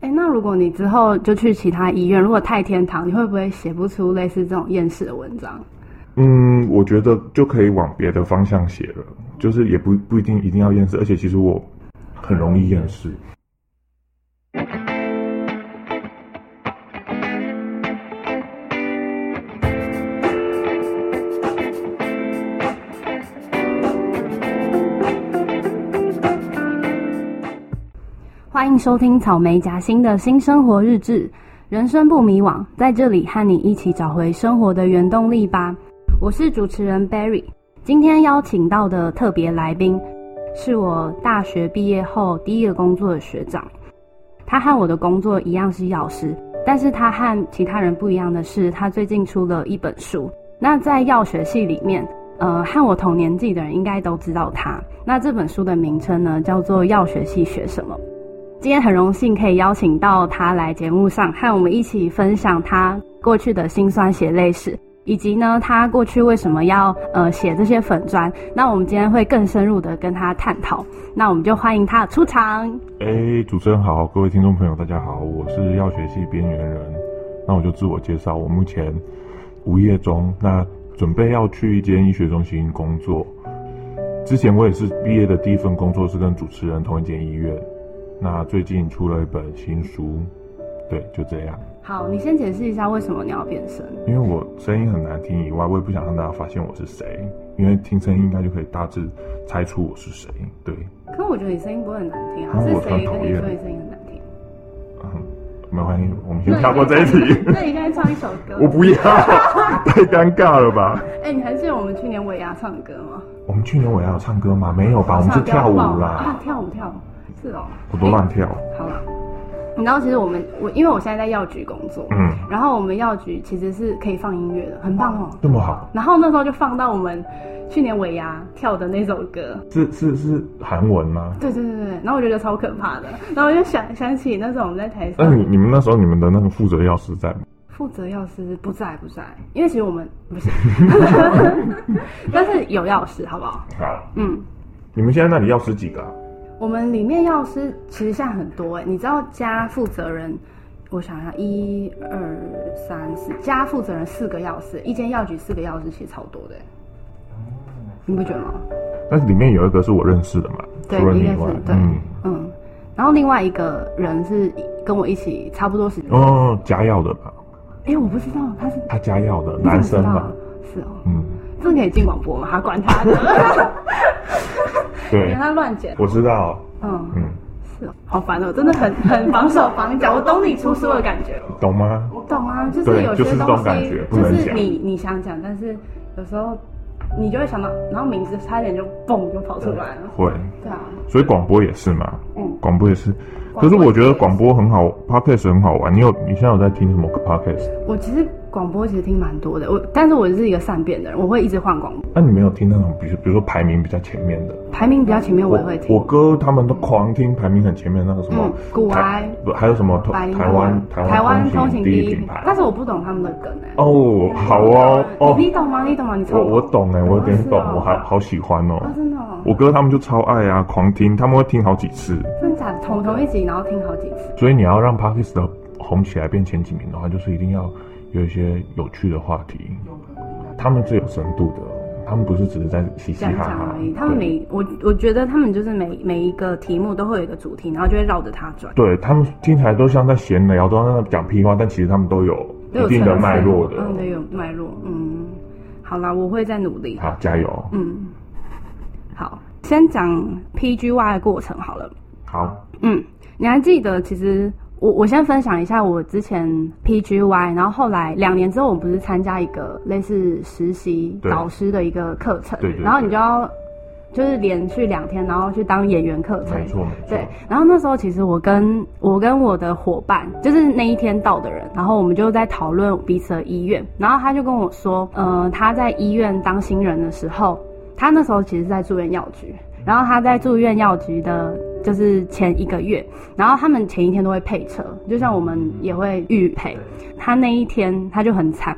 哎、欸，那如果你之後就去其他醫院，如果太天堂，你會不會寫不出類似這種厭世的文章？嗯，我覺得就可以往別的方向寫了，就是也不不一定一定要厭世，而且其實我很容易厭世。收聽草莓夾心的新生活日誌，人生不迷惘，在這裡和你一起找回生活的原動力吧。我是主持人 Barry，今天邀請到的特別來賓是我大學畢業後第一個工作的學長，他和我的工作一樣是藥師，但是他和其他人不一樣的是，他最近出了一本書。那在藥學系裡面，呃，和我同年紀的人應該都知道他。那這本書的名稱呢，叫做《藥學系學什麼》。今天很榮幸可以邀請到他來節目上，和我們一起分享他過去的辛酸血淚史，以及呢他過去為什麼要呃寫這些粉專。那我們今天會更深入的跟他探討。那我們就歡迎他出場。哎，主持人好，各位聽眾朋友大家好，我是藥學系邊緣人。那我就自我介紹，我目前無業中，那準備要去一間醫學中心工作。之前我也是畢業的第一份工作是跟主持人同一間醫院。那最近出了一本新書，對，就這樣。好，你先解釋一下為什麼你要變聲？因為我聲音很難聽，以外，我也不想讓大家發現我是誰，因為聽聲音應該就可以大致猜出我是誰。對。可我覺得你聲音不會很難聽啊，我非常討厭你聲音很難聽。嗯，沒關係，我們先跳過這一題。那你應該唱， 唱一首歌？ 我不要， 太尷尬了吧？哎、欸，你還記得我們去年尾牙唱歌嗎？我們去年尾牙有唱歌嗎？沒有吧？我們是跳舞啦，啊、跳舞，跳舞。是哦，我都亂跳、啊欸。好了，你知道其實我們我因為我現在在藥局工作，嗯，然後我們藥局其實是可以放音樂的，很棒哦。那、啊、麼好。然後那時候就放到我們去年尾牙跳的那首歌。是是是韓文嗎？對對對對。然後我覺得超可怕的，然後我就想想起那時候我們在台上。但是你們那時候你們的那個負責藥師在嗎？負責藥師不在不在，因為其實我們不是， 但是有藥師好不好？好。嗯，你們現在那裡藥師幾個、啊？我們裡面藥師其實現在很多哎、欸，你知道家負責人，我想一下，一二三四，家負責人四個藥師，一間藥局四個藥師，其實超多的哎、欸，你不覺得嗎？但是裡面有一個是我認識的嘛，對，應該是對嗯，嗯，然後另外一個人是跟我一起差不多時間，哦，加藥的吧？哎、欸，我不知道他是他加藥的、啊、男生吧是哦，嗯，這可以進廣播嗎？他管他的。 對他亂剪，我知道、喔。嗯是、啊，好煩哦、喔、真的很很防守防講我 懂你出書的感覺、喔，懂嗎？我懂啊，就是有些東西，就是、就是你講你，你想講，但是有時候你就會想到，然後名字差一點就蹦就跑出來了，會，對啊，所以廣播也是嘛，嗯，廣播也是，可是我覺得廣播很好，Podcast 很好玩。你有你現在有在聽什麼 Podcast？我其實。廣播其實聽蠻多的，我但是我是一個善變的人，我會一直換廣播。那、啊、你沒有聽那種，比如比如說排名比較前面的。排名比較前面，我也會聽我。我哥他們都狂聽排名很前面那個什麼，嗯、古埃，不還有什麼台灣台灣台灣通勤第一，第一品牌。但是我不懂他們的梗、欸、哦好，好哦哦，你懂嗎？你懂嗎？你超我懂哎、欸哦，我有點懂、哦，我還好喜歡哦。哦真的好好，我哥他們就超愛啊，狂聽，他們會聽好幾次。真的？同同一集，然後聽好幾次。嗯、所以你要讓 Parkist 紅起來變前幾名的話，就是一定要。有一些有趣的話題，他們最有深度的，他們不是只是在嘻嘻哈哈講講而已。他們每我我覺得他們就是每每一個題目都會有一個主題，然後就會繞着他轉。對他們聽起來都像在閒聊，都在那講屁話，但其實他們都有一定的脈絡的，嗯，都有脈絡。嗯，好啦，我會再努力。好，加油。嗯，好，先講 PGY 的過程好了。好。嗯，你還記得其實？我我先分享一下我之前 PGY，然後後來兩年之後，我們不是參加一個類似實習導師的一個課程，對對對對，然後你就要就是連續兩天，然後去當演員課程，沒，沒錯，對。然後那時候其實我跟我跟我的夥伴，就是那一天到的人，然後我們就在討論彼此的醫院，然後他就跟我說，嗯、呃，他在醫院當新人的時候，他那時候其實在住院藥局，然後他在住院藥局的。就是前一個月，然後他們前一天都會配車，就像我們也會預配。他那一天他就很慘，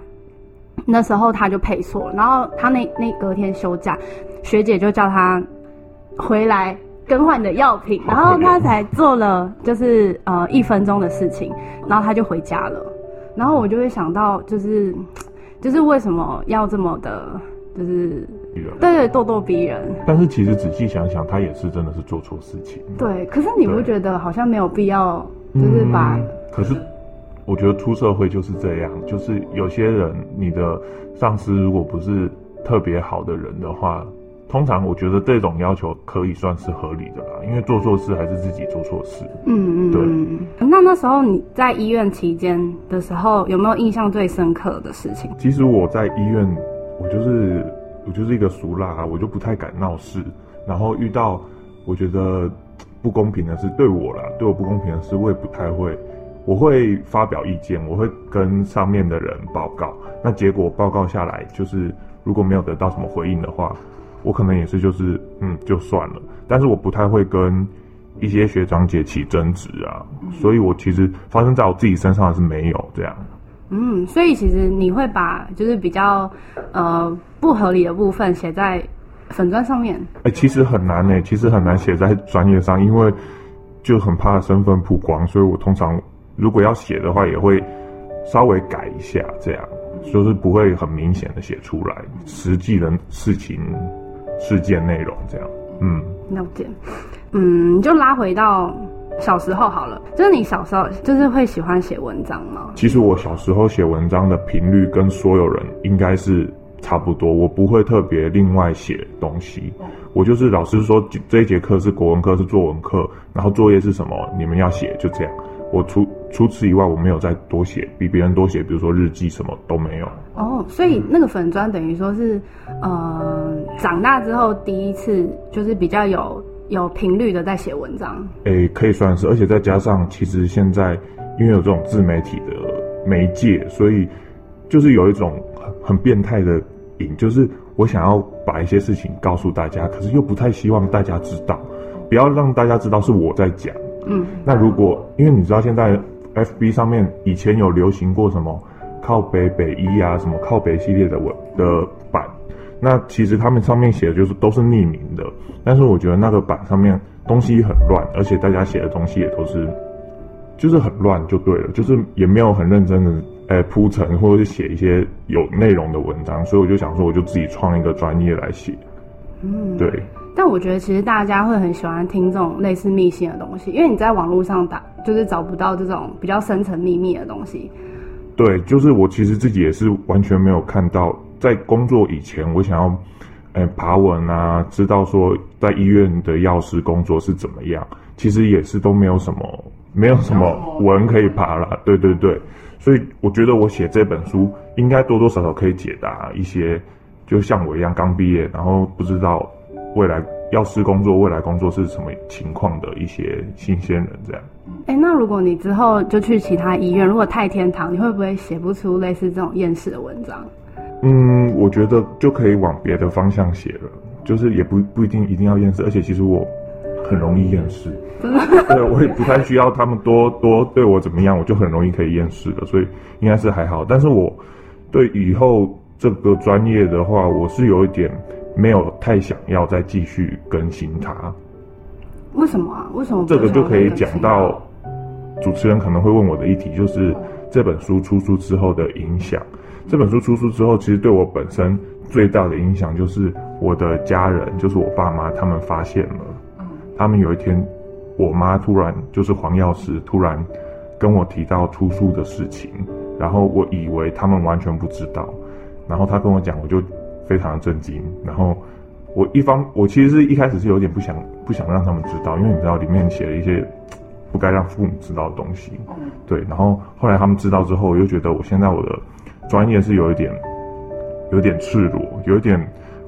那時候他就配錯了，然後他那那隔天休假，學姐就叫他回來更換你的藥品，然後他才做了就是呃一分鐘的事情，然後他就回家了。然後我就會想到，就是就是為什麼要這麼的，就是。對對，咄咄逼人。但是其實仔細想想，他也是真的是做錯事情。對，可是你不覺得好像沒有必要，就是把。嗯、可是，我覺得出社會就是這樣，就是有些人，你的上司如果不是特別好的人的話，通常我覺得這種要求可以算是合理的啦。因為做錯事還是自己做錯事。嗯嗯。對嗯。那那時候你在醫院期間的時候，有沒有印象最深刻的事情？其實我在醫院，我就是。我就是一個俗辣啊，我就不太敢鬧事。然後遇到我覺得不公平的事，對我啦，對我不公平的事，我也不太會。我會發表意見，我會跟上面的人報告。那結果報告下來，就是如果沒有得到什麼回應的話，我可能也是就是嗯，就算了。但是我不太會跟一些學長姐起爭執啊，所以我其實發生在我自己身上是沒有這樣的。嗯，所以其實你會把就是比較呃不合理的部分寫在粉專上面。哎、欸，其實很難哎、欸，其實很難寫在專業上，因為就很怕身份曝光，所以我通常如果要寫的話，也會稍微改一下，這樣就是不會很明顯的寫出來實際的事情事件內容這樣。嗯，了解。嗯，就拉回到，小時候好了，就是你小時候就是會喜歡寫文章嗎？其實我小時候寫文章的頻率跟所有人應該是差不多，我不會特別另外寫東西。嗯、我就是老師說這一節課是國文課，是作文課，然後作業是什麼，你們要寫，就這樣。我除除此以外，我沒有再多寫，比別人多寫，比如說日記什麼都沒有。哦，所以那個粉專等於說是，嗯、呃，長大之後第一次就是比較有。有頻率的在寫文章，誒，可以算是，而且再加上，其實現在因為有這種自媒體的媒介，所以就是有一種很很變態的癮，就是我想要把一些事情告訴大家，可是又不太希望大家知道，不要讓大家知道是我在講。嗯，那如果因為你知道現在 FB 上面以前有流行過什麼靠北北一啊，什麼靠北系列的文的版。那其實他們上面寫的就是都是匿名的，但是我覺得那個版上面東西很亂，而且大家寫的東西也都是，就是很亂就對了，就是也沒有很認真的誒鋪陳或者是寫一些有內容的文章，所以我就想說我就自己創一個專業來寫，嗯，對。但我覺得其實大家會很喜歡聽這種類似密信的東西，因為你在網絡上打就是找不到這種比較深層秘密的東西。對，就是我其實自己也是完全沒有看到。在工作以前，我想要，呃、欸，爬文啊，知道說在醫院的藥師工作是怎麼樣，其實也是都沒有什麼，沒有什麼文可以爬了，對對對，所以我覺得我寫這本書應該多多少少可以解答一些，就像我一樣剛畢業，然後不知道未來藥師工作未來工作是什麼情況的一些新鮮人這樣。哎、欸，那如果你之後就去其他醫院，如果太天堂，你會不會寫不出類似這種厭世的文章？嗯，我覺得就可以往別的方向寫了，就是也不不一定一定要厭世，而且其實我很容易厭世， 對，我也不太需要他們多多對我怎麼樣，我就很容易可以厭世的，所以應該是還好。但是我對以後這個專業的話，我是有一點沒有太想要再繼續更新它。為什麼啊？為什麼、啊、這個就可以講到主持人可能會問我的議題，就是這本書出書之後的影響。這本書出書之後，其實對我本身最大的影響就是我的家人，就是我爸媽，他們發現了。嗯。他們有一天，我媽突然就是黃藥師突然跟我提到出書的事情，然後我以為他們完全不知道，然後他跟我講，我就非常的震驚。然後我一方，我其實是一開始是有點不想不想讓他們知道，因為你知道裡面寫了一些不該讓父母知道的東西。嗯。對，然後後來他們知道之後，我又覺得我現在我的。專業是有一點，有點赤裸，有一點，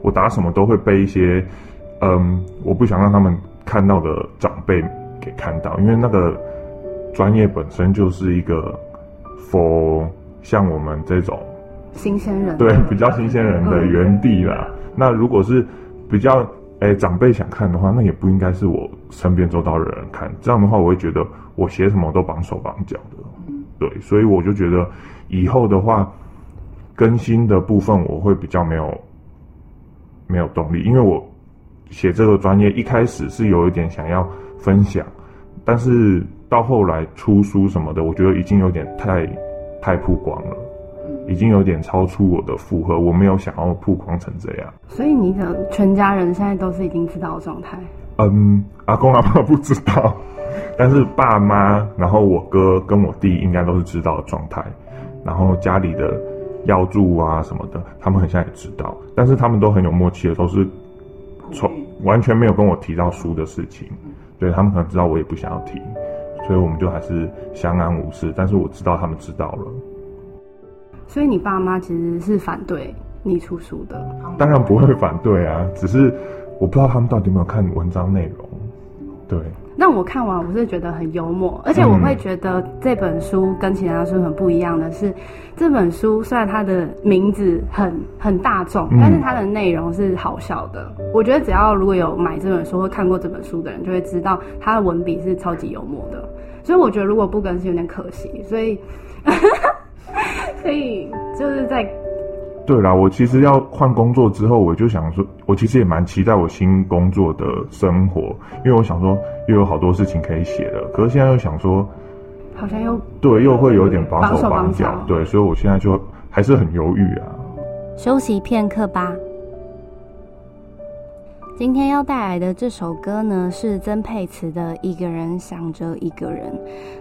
我打什麼都會被一些，嗯，我不想讓他們看到的長輩給看到，因為那個專業本身就是一個，for 像我們這種，新鮮人、啊，對，比較新鮮人的園地啦。那如果是比較，哎、欸，長輩想看的話，那也不應該是我身邊周遭的人看。這樣的話，我會覺得我寫什麼我都綁手綁腳的、嗯，對，所以我就覺得以後的話。更新的部分我會比較沒有，沒有動力，因為我寫這個專頁一開始是有一點想要分享，但是到後來出書什麼的，我覺得已經有點太太曝光了，已經有點超出我的負荷，我沒有想要曝光成這樣。所以你的全家人現在都是已經知道的狀態？嗯，阿公阿婆不知道，但是爸媽，然後我哥跟我弟應該都是知道的狀態，然後家裡的。要住啊什麼的，他們很像也知道，但是他們都很有默契的，都是從、okay. 完全沒有跟我提到書的事情，嗯，所以他們可能知道我也不想要提，所以我們就還是相安無事。但是我知道他們知道了，所以你爸媽其實是反對你出書的？當然不會反對啊，只是我不知道他們到底有沒有看文章內容，嗯，對。讓我看完，我是覺得很幽默，而且我會覺得這本書跟其他書很不一樣的是，這本書雖然它的名字很很大眾，但是它的內容是好笑的。我覺得只要如果有買這本書或看過這本書的人，就會知道它的文筆是超級幽默的。所以我覺得如果不更新有點可惜，所以，所 以就是在。對啦，我其實要換工作之後，我就想說，我其實也蠻期待我新工作的生活，因為我想說又有好多事情可以寫的。可是現在又想說，好像又、嗯、對，又會有點綁手綁腳幫手幫手，對，所以我現在就還是很猶豫啊。休息片刻吧。今天要帶來的這首歌呢，是曾沛慈的《一個人想着一個人》。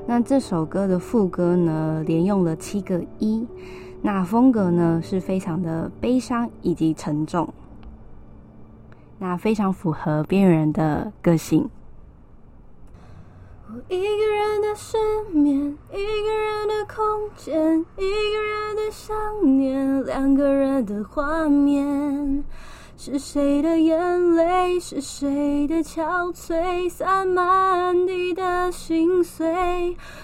那這首歌的副歌呢，連用了七個一。那風格呢，是非常的悲傷以及沉重，那非常符合邊緣人的個性。我一個人的失眠，一個人的空間，一個人的想念，兩個人的畫面。是誰的眼淚？是誰的憔悴？灑滿地的心碎。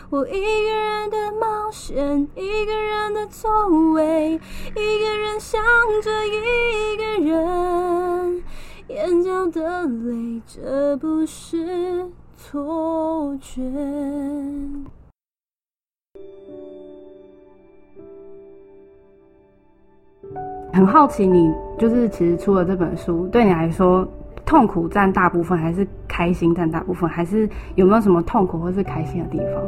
我一個人的冒險，一個人的座位，一個人想着一個人。眼角的淚，這不是錯覺。很好奇，你就是其實出了這本書，對你來說，痛苦佔大部分還是開心佔大部分，還是有沒有什麼痛苦或是開心的地方？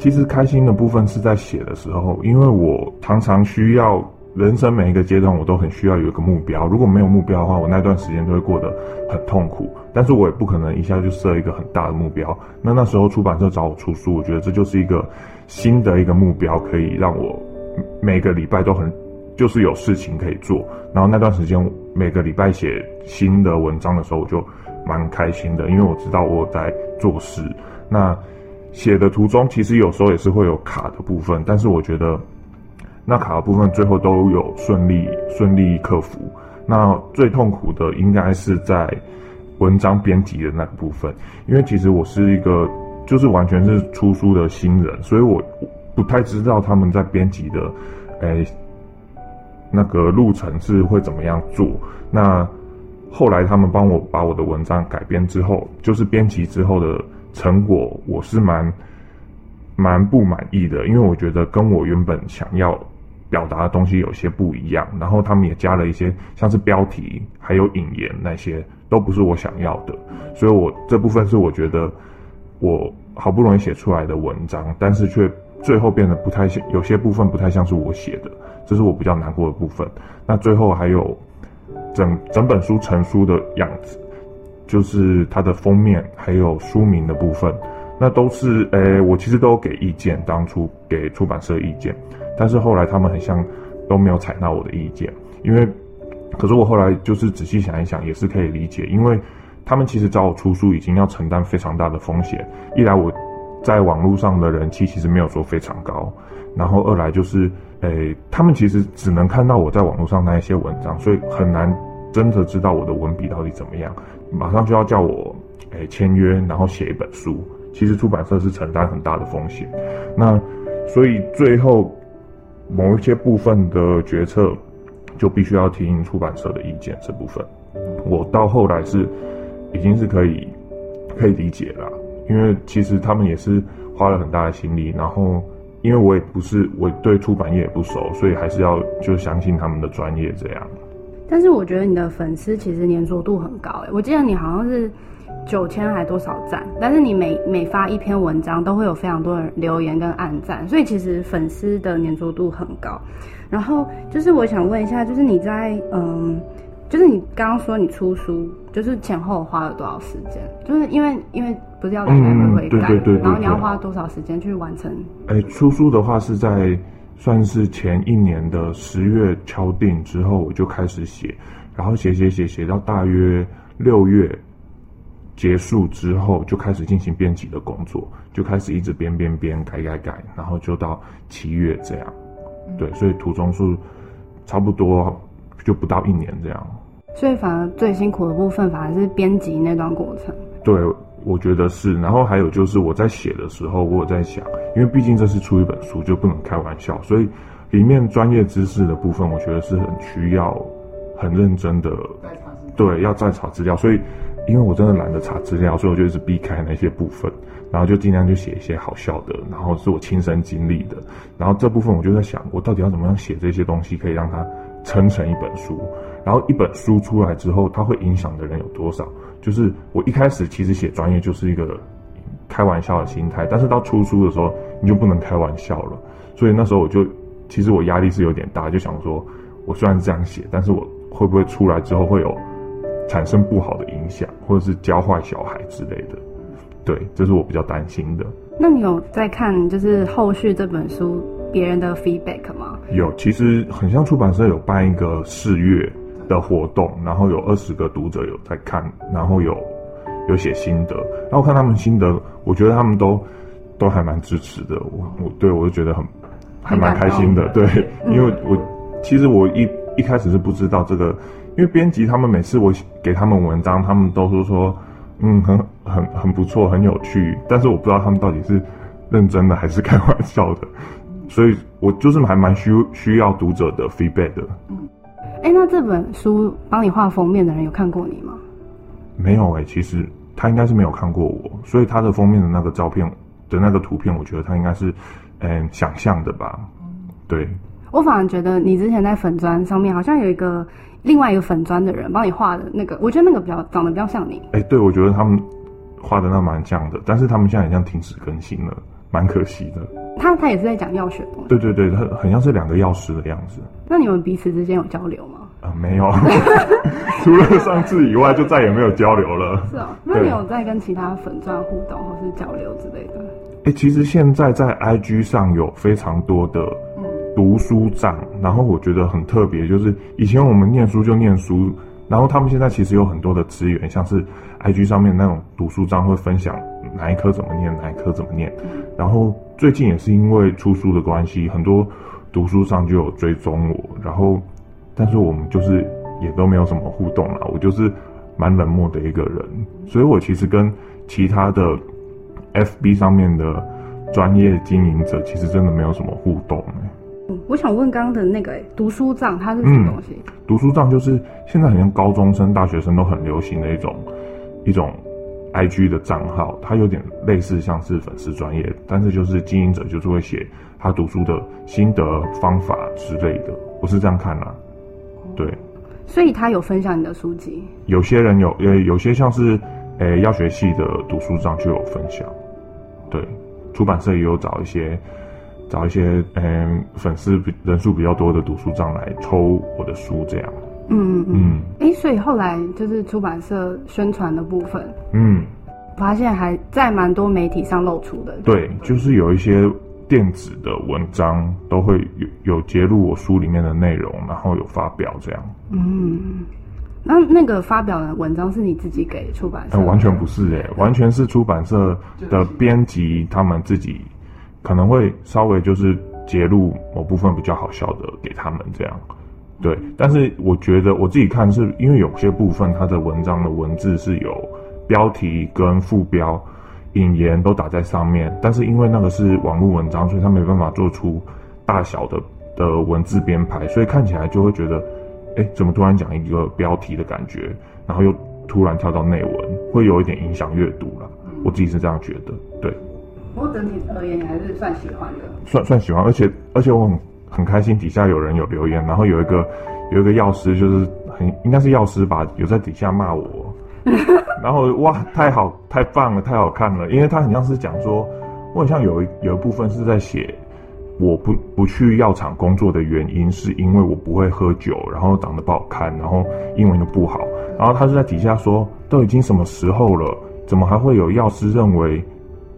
其實開心的部分是在寫的時候，因為我常常需要人生每一個階段，我都很需要有一個目標。如果沒有目標的話，我那段時間都會過得很痛苦。但是我也不可能一下就設一個很大的目標。那那時候出版社找我出書，我覺得這就是一個新的一個目標，可以讓我每個禮拜都很。就是有事情可以做，然後那段時間每個禮拜寫新的文章的時候，我就蠻開心的，因為我知道我在做事。那寫的途中其實有時候也是會有卡的部分，但是我覺得那卡的部分最後都有順利順利克服。那最痛苦的應該是在文章編輯的那個部分，因為其實我是一個就是完全是出書的新人，所以我不太知道他們在編輯的，誒、欸那個路程是會怎麼樣做？那後來他們幫我把我的文章改編之後，就是編輯之後的成果，我是蠻蠻不滿意的，因為我覺得跟我原本想要表達的東西有些不一樣。然後他們也加了一些，像是標題還有引言那些，都不是我想要的，所以我這部分是我覺得我好不容易寫出來的文章，但是卻。最後變得不太像，有些部分不太像是我寫的，這是我比較難過的部分。那最後還有整整本書成書的樣子，就是它的封面還有書名的部分，那都是誒，我其實都有給意見，當初給出版社意見，但是後來他們很像都沒有採納我的意見，因為，可是我後來就是仔細想一想，也是可以理解，因為他們其實找我出書已經要承擔非常大的風險，一來我。在網絡上的人氣其實沒有說非常高，然後二來就是，誒、欸，他們其實只能看到我在網絡上那一些文章，所以很難真的知道我的文筆到底怎麼樣。馬上就要叫我，誒、欸，簽約，然後寫一本書。其實出版社是承擔很大的風險，那所以最後某一些部分的決策就必須要聽出版社的意見。這部分我到後來是已經是可以可以理解了。因為其實他們也是花了很大的心力，然後因為我也不是，我對出版業也不熟，所以還是要就相信他們的專業這樣。但是我覺得你的粉絲其實粘着度很高，欸，誒我記得你好像是九千還多少贊，但是你每每發一篇文章都會有非常多人留言跟按贊，所以其實粉絲的粘着度很高。然後就是我想問一下，就是你在嗯。就是你剛剛說你出書，就是前後花了多少時間？就是因為因為不是要來來回回改、改、嗯對對對對對對，然後你要花多少時間去完成？哎、欸，出書的話是在算是前一年的十月敲定之後，我就開始寫，然後寫、寫寫寫寫到大約六月結束之後，就開始進行編輯的工作，就開始一直編編編改改改、改改，然後就到七月這樣，嗯、對，所以途中是差不多。就不到一年這樣，所以反而最辛苦的部分，反而是編輯那段過程。對，我覺得是。然後還有就是我在寫的時候，我有在想，因為畢竟這是出一本書，就不能開玩笑。所以，裡面專業知識的部分，我覺得是很需要很認真的。對，要再查資料。所以，因為我真的懶得查資料，所以我就是避開那些部分，然後就盡量就寫一些好笑的，然後是我親身經歷的。然後這部分我就在想，我到底要怎麼樣寫這些東西，可以讓它。撐成，成一本書，然後一本書出來之後，它會影響的人有多少？就是我一開始其實寫專業就是一個開玩笑的心態，但是到出書的時候，你就不能開玩笑了。所以那時候我就其實我壓力是有點大，就想說，我雖然是這樣寫，但是我會不會出來之後會有產生不好的影響，或者是教壞小孩之類的。對，這是我比較擔心的。那你有在看就是後續這本書別人的 feedback 嗎？有，其實很像出版社有辦一個試閱的活動，然後有二十個讀者有在看，然後有有寫心得。然後看他們心得，我覺得他們都都還蠻支持的。我我對我就覺得很還蠻開心的。的對、嗯，因為我其實我一一開始是不知道這個，因為編輯他們每次我給他們文章，他們都說說嗯，很很很不錯，很有趣。但是我不知道他們到底是認真的還是開玩笑的。所以，我就是還蠻需需要讀者的 feedback 的。哎，那這本書幫你畫封面的人有看過你嗎？沒有哎、欸，其實他應該是沒有看過我，所以他的封面的那個照片的那個圖片，我覺得他應該是，嗯、欸，想象的吧。嗯，對。我反而覺得你之前在粉專上面好像有一個另外一個粉專的人幫你畫的那個，我覺得那個比較長得比較像你。哎，對，我覺得他們畫的那蠻像的，但是他們現在好像停止更新了。蠻可惜的，他他也是在講藥學的。對對對，他很像是兩個藥師的樣子。那你們彼此之間有交流嗎？啊、呃，沒有， 除了上次以外， 就再也沒有交流了。是哦，那你有在跟其他粉鑽互動或是交流之類的？哎、欸，其實現在在 IG 上有非常多的讀書賬、嗯、然後我覺得很特別，就是以前我們念書就念書，然後他們現在其實有很多的資源，像是 IG 上面那種讀書賬會分享。哪一科怎麼念，哪一科怎麼念、嗯。然後最近也是因為出書的關係，很多讀書上就有追蹤我。然後，但是我們就是也都沒有什麼互動啦，我就是蠻冷漠的一個人，所以我其實跟其他的 FB 上面的專業經營者其實真的沒有什麼互動、欸嗯。我想問剛剛的那個讀書賬它是什麼東西？嗯、讀書賬就是現在好像高中生、大學生都很流行的一種一種。IG 的賬號，它有點類似像是粉絲專業，但是就是經營者就是會寫他讀書的心得、方法之類的，我是這樣看啦、啊。對，所以他有分享你的書籍。有些人有、呃、有些像是誒、呃，藥學系的讀書賬就有分享。對，出版社也有找一些找一些嗯、呃、粉絲比人數比較多的讀書賬來抽我的書這樣。嗯嗯嗯，哎、嗯，所以後來就是出版社宣傳的部分，嗯，發現還在蠻多媒體上露出的。對，對就是有一些電子的文章都會有有揭露我書裡面的內容，然後有發表這樣。嗯，那那個發表的文章是你自己給出版社、呃？完全不是哎、欸，完全是出版社的編輯他們自己可能會稍微就是揭露某部分比較好笑的給他們這樣。對，但是我覺得我自己看是因為有些部分它的文章的文字是有標題跟副標、引言都打在上面，但是因為那個是網絡文章，所以它沒辦法做出大小的的文字編排，所以看起來就會覺得，哎，怎麼突然講一個標題的感覺，然後又突然跳到內文，會有一點影響閱讀啦。我自己是這樣覺得，對，不過整體而言，你，還是算喜歡的，算算喜歡，而且而且我很。很開心底下有人有留言，然後有一個有一個藥師，就是很應該是藥師吧，有在底下罵我，然後哇，太好，太棒了，太好看了，因為他很像是講說，我很像有一有一部分是在寫我不不去藥廠工作的原因，是因為我不會喝酒，然後長得不好看，然後英文又不好，然後他是在底下說，都已經什麼時候了，怎麼還會有藥師認為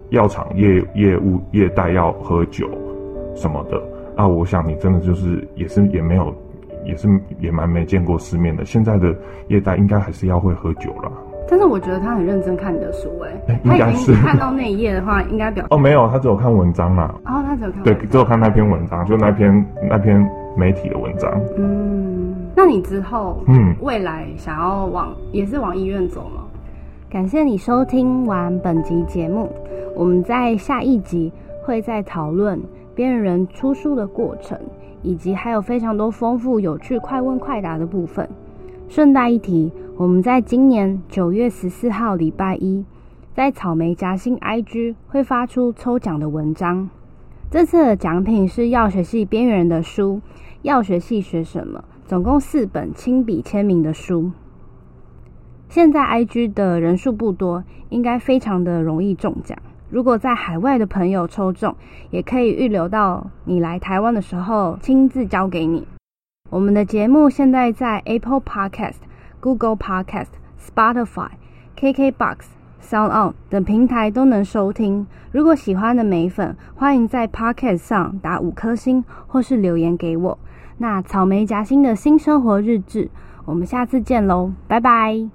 藥廠業業務業代要喝酒什麼的。啊，我想你真的就是也是也沒有，也是也蠻沒見過世面的。現在的業代應該還是要會喝酒啦，但是我覺得他很認真看你的書，哎、欸，他已經看到那一頁的話應，應該表哦，沒有，他只有看文章嘛。哦，他只有看對，只有看那篇文章，就那篇那篇媒體的文章。嗯，那你之後嗯未來想要往也是往醫院走嗎？感謝你收聽完本集節目，我們在下一集會再討論。邊緣人出書的過程，以及還有非常多豐富、有趣、快問快答的部分。順帶一提，我們在今年九月十四號禮拜一，在草莓夾心 IG 會發出抽獎的文章。這次的獎品是藥學系邊緣人的書，《藥學系學什麼》，總共四本親筆簽名的書。現在 IG 的人數不多，應該非常的容易中獎。如果在海外的朋友抽中，也可以預留到你來台灣的時候親自交給你。我們的節目現在在 Apple Podcast、Google Podcast、Spotify、KKBox、Sound On 等平台都能收聽。如果喜歡的美粉，歡迎在 Podcast 上打五顆星或是留言給我。那草莓夾心的新生活日誌，我們下次見嘍，拜拜。